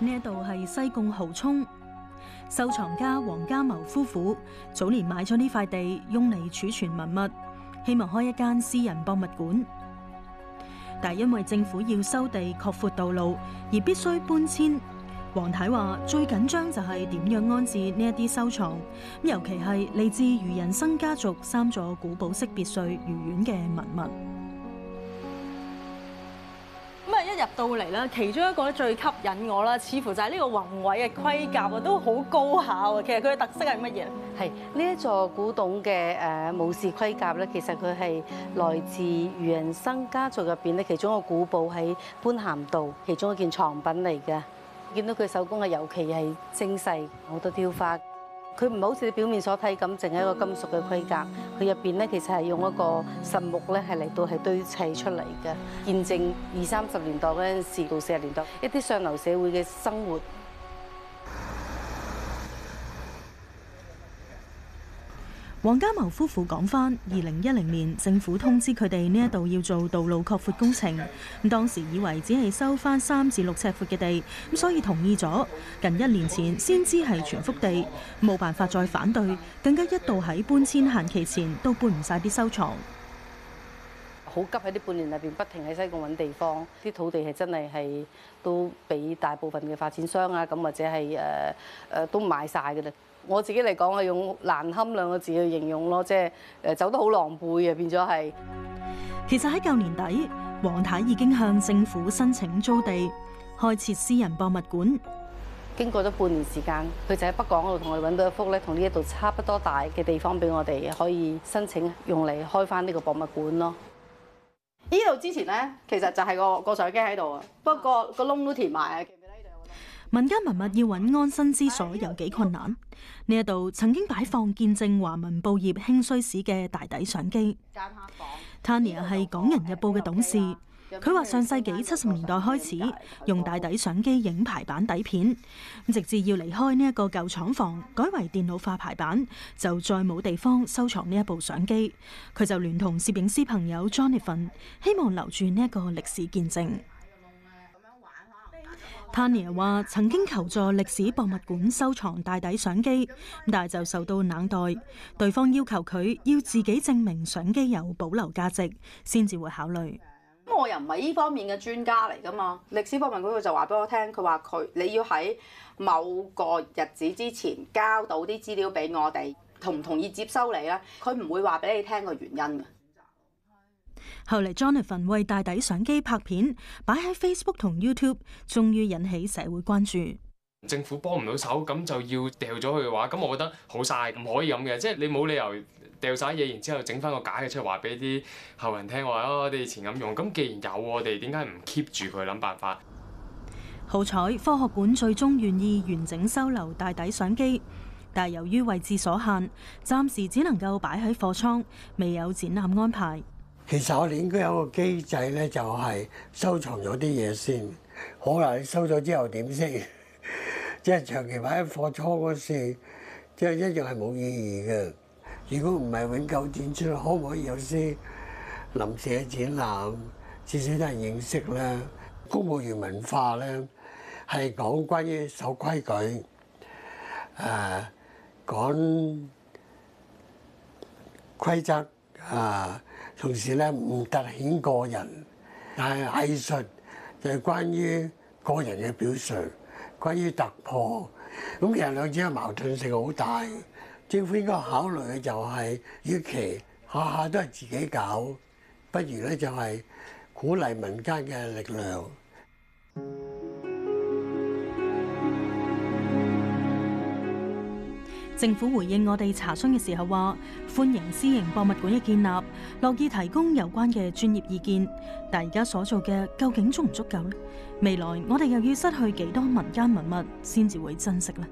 呢一度係西貢蚝涌，收藏家黃嘉謀夫婦早年買咗呢塊地，用嚟儲存文物，希望開一間私人博物館。但因為政府要收地擴闊道路，而必須搬遷。黃太話最緊張就係點樣安置呢一啲收藏，尤其係嚟自余仁生家族三座古堡式別墅余園嘅文物。入到嚟啦，其中一個咧最吸引我啦，似乎就係呢個宏偉嘅盔甲啊，都好高下啊！其實佢嘅特色係乜嘢？係呢一座古董嘅誒武士盔甲咧，其實佢係來自余仁生家族入邊咧其中一個古堡，喺般咸道其中一件藏品嚟嘅。見到佢手工啊，尤其係精細，好多雕花。佢唔係好似表面所睇咁，淨係一個金屬嘅規格。佢入邊咧，其實係用一個實木咧，係嚟到係堆砌出嚟嘅，見證二三十年代嗰陣時，到四十年代一啲上流社會嘅生活。黃嘉謀夫婦講翻：二零一零年政府通知佢哋呢一度要做道路擴闊工程，咁當時以為只係收翻三至六尺闊嘅地，咁所以同意咗。近一年前先知係全幅地，冇辦法再反對，更加一度喺搬遷限期前都搬唔晒啲收藏。好急喺呢半年入邊，不停喺西貢揾地方，啲土地係真係係都俾大部分嘅發展商啊，咁或者係誒誒都買晒噶啦。我自己嚟講係用難堪兩個字去形容咯，即係誒走得好狼狽嘅，變咗係。其實喺舊年底，黃太已經向政府申請租地，開設私人博物館。經過咗半年時間，佢就喺北港度同我哋揾到一幅咧，同呢一度差不多大嘅地方俾我哋可以申請用嚟開翻呢個博物館咯。呢度之前咧，其實就係個個相機喺度啊，不過個窿都填埋啊。民間文物要揾安身之所，有幾困難？呢一度曾經擺放見證華文報業興衰史嘅大底相機。Tania 係《港人日報》嘅董事，佢話上世紀七十年代開始用大底相機影排版底片，直至要離開呢一個舊廠房，改為電腦化排版，就再冇地方收藏呢一部相機。佢就聯同攝影師朋友 Jonathan，希望留住呢一個歷史見證。Tania 話曾經求助歷史博物館收藏大底相機，但係就受到冷待，對方要求佢要自己證明相機有保留價值，先至會考慮。咁我又唔係呢方面嘅專家嚟㗎嘛？歷史博物館佢就話俾我聽，佢話佢你要喺某個日子之前交到啲資料俾我哋，同唔同意接收你咧？佢唔會話俾你聽個原因。後嚟，Jonathan 為大底相機拍片，擺喺 Facebook 同 YouTube，終於引起社會關注。政府幫唔到手，咁就要掉咗佢嘅話，咁我覺得好嘥，唔可以咁嘅。即係你冇理由掉晒嘢，然之後整翻個假嘢出嚟，話俾啲後人聽話哦，我哋以前咁用。咁既然有我哋，點解唔 keep 住佢諗辦法？好彩科學館最終願意完整收留大底相機，但係由於位置所限，暫時只能夠擺喺貨倉，未有展覽安排。其實我哋應該有個機制咧，就係收藏咗啲嘢先。可能你收咗之後點先？即係長期擺喺貨倉嗰時，即係一樣係冇意義嘅。如果唔係永久展出，可唔可以有啲臨時展覽，至少都係認識咧。公務員文化咧係講關於守規矩、呃，誒講規則啊、呃。同時咧唔凸顯個人，但係藝術就係關於個人嘅表述，關於突破。咁其實兩者嘅矛盾性好大。政府應該考慮嘅就係，與其下下都係自己搞，不如咧就係鼓勵民間嘅力量。政府回應我哋查詢嘅時候話：歡迎私營博物館嘅建立。樂意提供有關嘅專業意見，但而家所做嘅究竟足唔足夠咧？未來我哋又要失去幾多民間文物先至會珍惜呢？